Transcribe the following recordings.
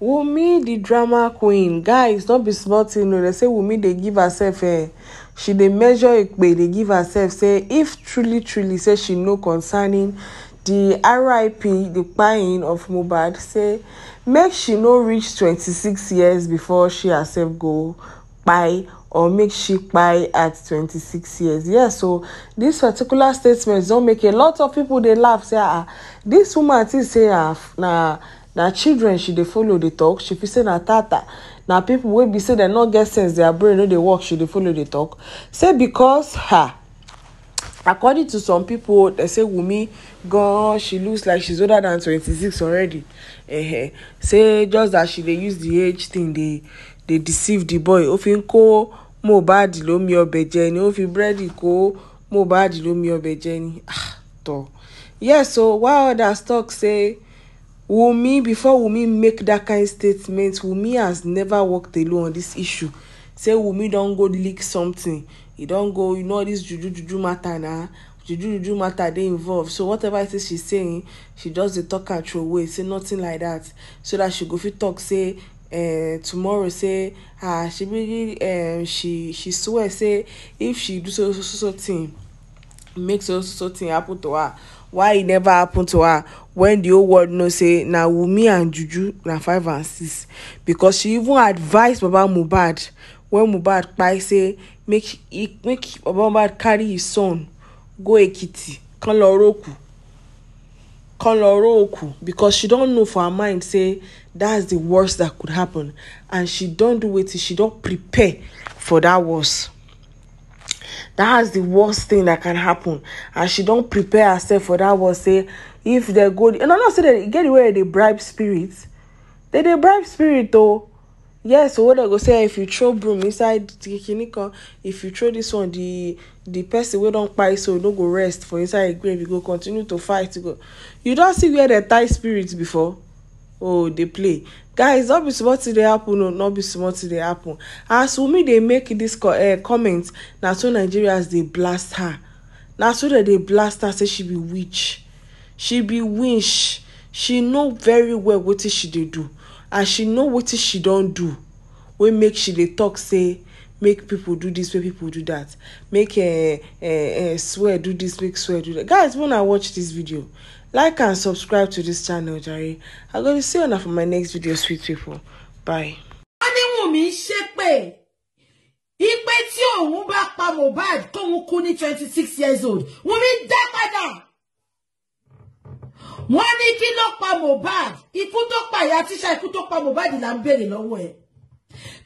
wunmi the drama queen guys no be small thing o dey say wunmi dey give herself eh she dey measure ekpe dey give herself say if truly truly say she know concerning di rip the kpain of mohbad say make she no reach twenty-six years before she herself go kpai or make she kpai at twenty-six years yes so this particular statement don make a lot of people dey laugh say ah this woman think say ah na na children she dey follow dey talk she fit say na tata na people wey be say dem no get sense their brain no dey work she dey follow dey talk say because, her according to some people, dem say Wumi gan she looks like she's older than twenty-six already eh eh. say just that she dey use the age thing dey dey deceive the boy Ofinko fi ń kó mohbad lómi ọbẹ̀ jẹ ni ó fi búrẹ́dì kó mohbad lómi ọbẹ̀ jẹ ah tọ́ yes So while others talk say Wumi, before Wumi make that kind statement, Wumi has never worked alone on this issue. Say Wumi don't go leak something. He don't go, you know, this juju juju matter na. Juju juju matter they involved. So whatever it is she's saying, she does the talk and throw away. Say nothing like that. So that she go fit talk say uh, tomorrow say ah uh, she really um, she she swear say if she do so so so, so thing make so so so thing happen to her why e never happen to her when the whole world know say na Wumi and juju na five and six because she even advise baba mohbad when mohbad kpai say make he make baba mohbad carry his son go ekiti kan lọ roku kan lọ roku because she don know for her mind say that's the worst that could happen and she don do wetin she don prepare for that worst that's the worst thing that can happen and she don prepare herself for that one say if they go and no no say dem get the way dem bribe spirit They dey bribe spirit o yes owo dem go say if you throw broom inside kini kan if you throw this one the the person wey don kpai so no go rest for inside him grave You go continue to fight you go you don see where dem tie spirit before oh dey play guys no be small thing dey happen o no be small thing dey happen as wunmi dey make dis co uh, comment na so nigerians dey blast her na so dem dey blast her say she be witch she be winch she know very well wetin she dey do and she know wetin she don do wey make she dey talk say make people do this make people do that make uh, uh, uh, swear do this make swear do that guys when i watch this video like and subscribe to this channel jare i go dey see una for my next video sweet people bye. adéwùnmí ṣépè ipe tí òun bá pa mohbad tóun kú ní twenty six years old Wùnmí dá padà wọ́n ní kí ló pa mohbad ikú tó pa ìyá tíṣà ikú tó pa mohbad là ń béèrè lọ́wọ́ ẹ̀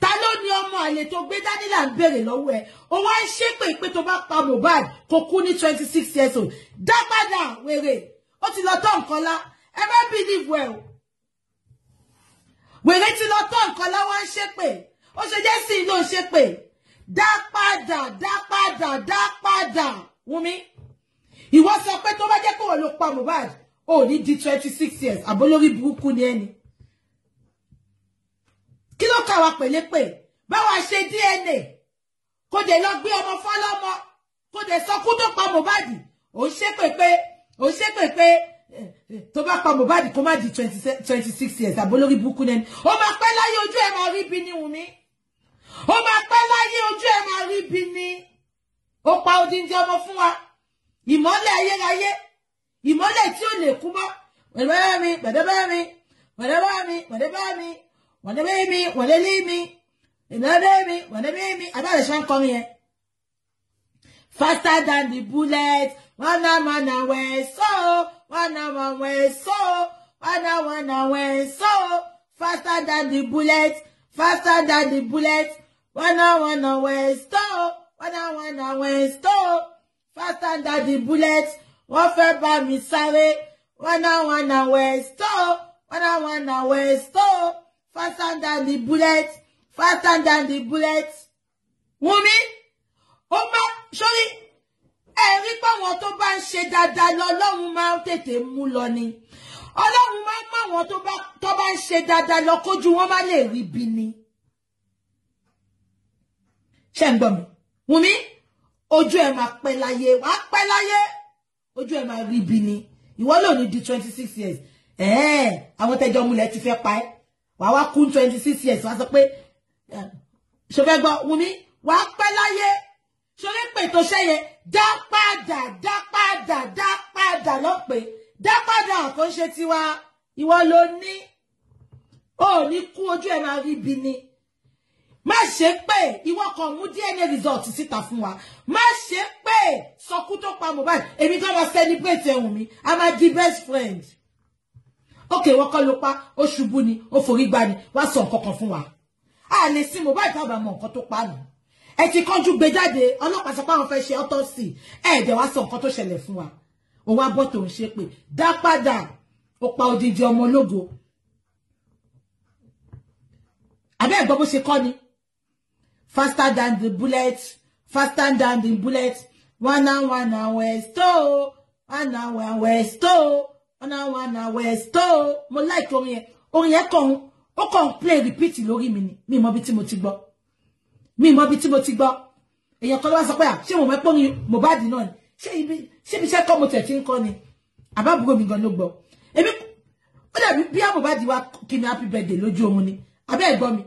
ta ló ní ọmọ àlè tó gbé dání là ń béèrè lọ́wọ́ ẹ̀ ó wá ń ṣépè pé tó bá pa mohbad kó kú ní twenty six years old dá padà wèrè ó ti lọ tọ́ nǹkan lá ẹ má bìlíìfù ẹ o wèrè ti lọ tọ́ nǹkan lá wá ń ṣépè ó ṣe jẹ́ sí inú ṣépè dá padà dá padà dá padà Wúnmi ìwọ sọ pé tó bá jẹ́ kó o lọ pa Mohbad ò ní di twenty six years Abolori burúkú ni ẹni kí wa pele pe. Ba wa ṣe DNA kó dé lọ gbé ọmọ fọlọ́mọ kó dé sọ kú tó pa mobile. O ń ṣépè pé ó ṣe pé pé eh, tó bá pa Mohbad kó má di twenty six years Abolori burúkú nẹni ó máa pẹ́ láyé ojú ẹ̀ máa rí bí ni Wùmí ó máa pẹ́ láyé ojú ẹ̀ máa rí bí ni ó pa odindi ọmọ fún wa ìmọ́lẹ̀ ayérayé ìmọ́lẹ̀ tí ò lè kú mọ́ pẹ̀lẹ́bẹ́ mi pẹ̀lẹ́bẹ́ mi pẹ̀lẹ́bẹ́ mi pẹ̀lẹ́bẹ́ mi pẹ̀lẹ́bẹ́ mi pẹ̀lẹ́lí mi pẹ̀lẹ́bẹ́ mi pẹ̀lẹ́bẹ́ mi abẹ́rẹ́ ṣe ń kọ́ mi faster than the bullet wana mana weso wana man weso wana wana so, faster than the bullet faster than the bullet wana wana weso wana wana so, faster than the bullet wọ́n fẹ́ bá mi sáré wana wana weso wana wana so, faster than the bullet faster than the bullet Wumi ó má sórí ẹ̀rí pàwọn tó bá ń ṣe dáadáa lọ ọlọ́run máa ń tètè mú lọ ni ọlọ́run máa ń mọ àwọn tó bá ń ṣe dáadáa lọ kójú wọn má lè rí bí ni. ṣé ń gbọ́ mi Wùmí ojú ẹ̀ máa pẹ́ láyé wàá pẹ́ láyé ojú ẹ̀ máa rí bí ni ìwọ ló ní di twenty six years ẹ̀ẹ́n àwọn tẹ́jọ́ múlẹ̀ ti fẹ́ pa ẹ́ wàá wá kún twenty six years wàá sọ pé ṣe fẹ́ gbọ́ Wùmí wàá pẹ́ láyé ṣoré pè tó ṣẹyẹ dá padà dá padà dá padà lọ́pẹ́ dá padà kò ń ṣe tiwa ìwọ ló ní ò ní kú ojú ẹ̀ e máa rí bi ni má ṣe pé ìwọ kan mú DNA result síta fún wa má ṣe pé sọkú tó pa Mohbad èmi kan máa celebrate ẹ̀hún mi a máa di best friend ókè wọ́n kọ́ ló pa ó ṣubú ni ó forí gbani wá sọ nǹkan kan fún wa a lè sin Mohbad tá mọ nǹkan tó pa nù ẹ ti kánjú gbé jáde ọlọ́pàá sọ pé àwọn fẹ́ ṣe autopsy ẹ ẹ̀dẹ̀ wá sọ nǹkan tó ṣẹlẹ̀ fún wa òun wá bọ́ tòun ṣe pé dá padà ó pa odidi ọmọ ológo abẹ́ ẹ̀gbọ́n bó ṣe kọ́ ni faster than the bullet faster than the bullet one and one and west oh one and one west oh one and one and west oh mo like orin yẹn orin yẹn kàn ó kàn play repeat lórí mi ni mi mọ bí tí mo ti gbọ́ mi mọ ibi tí mo ti gbọ́ èèyàn kan ló wá sọ pé à ah, ṣé mo mọ pé Mohbad náà ni ṣé ibi ṣé ibi iṣẹ́ kọ́ mo tẹ̀ tí ń kọ́ ni àbá àbúrò mi gan ló gbọ́ èmi ó dàbí bí Mohbad wá kí mi happy birthday lójú oorun ni abẹ́ ẹ̀gbọ́n mi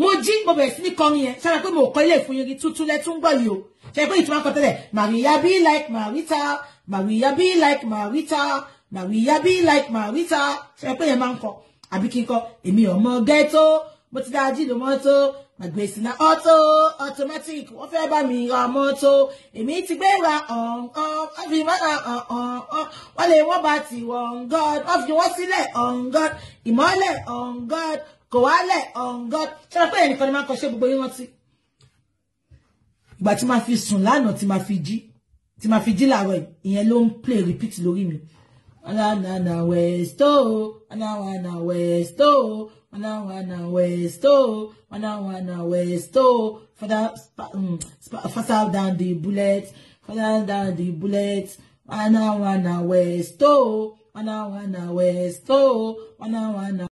mo jí mo bẹ̀rẹ̀ sí ní kọrin yẹn ṣáà pé mo kọ ilé ìfún yẹn tuntun lẹ tún gbọ́ yìí o ṣe pé ìtumọ̀ kan tẹ́lẹ̀ Maria be like Marita Maria be like Marita Maria be like Marita ṣe pé yẹn máa ń kọ àbí kí n kọ èmi ọmọ ghetto mo ti dáa jíìlù mọ́tò àgbèsì náà ọ́tò automatic wọ́n fẹ́ bá mi ra mọ́tò èmi ti gbéra ọ̀ǹkan wọ́n fi mọ́ra ọ̀ǹkan wọ́n lè wọ́n bá ti wọ̀n god wọ́n fi wọ́n sílẹ̀ ọ̀ǹgọ́d ìmọ́lẹ̀ ọ̀ǹgọ́d kò wálẹ̀ ọ̀ǹgọ́d ṣé wọ́n pé ẹnìkan ni máa ń kọ́ṣẹ́ gbogbo yín ìgbà tí máa fi sùn lánàá tí máa fi jí tí máa fi jí làárọ̀ ìyẹn ló ń play repeat lórí mi Anawana Westo, Anawana Westo, Anawana Westo, Anawana Westo. Father, um, mm, faster than the bullets, faster down the bullets. Anawana Westo, Anawana Westo, Anawana.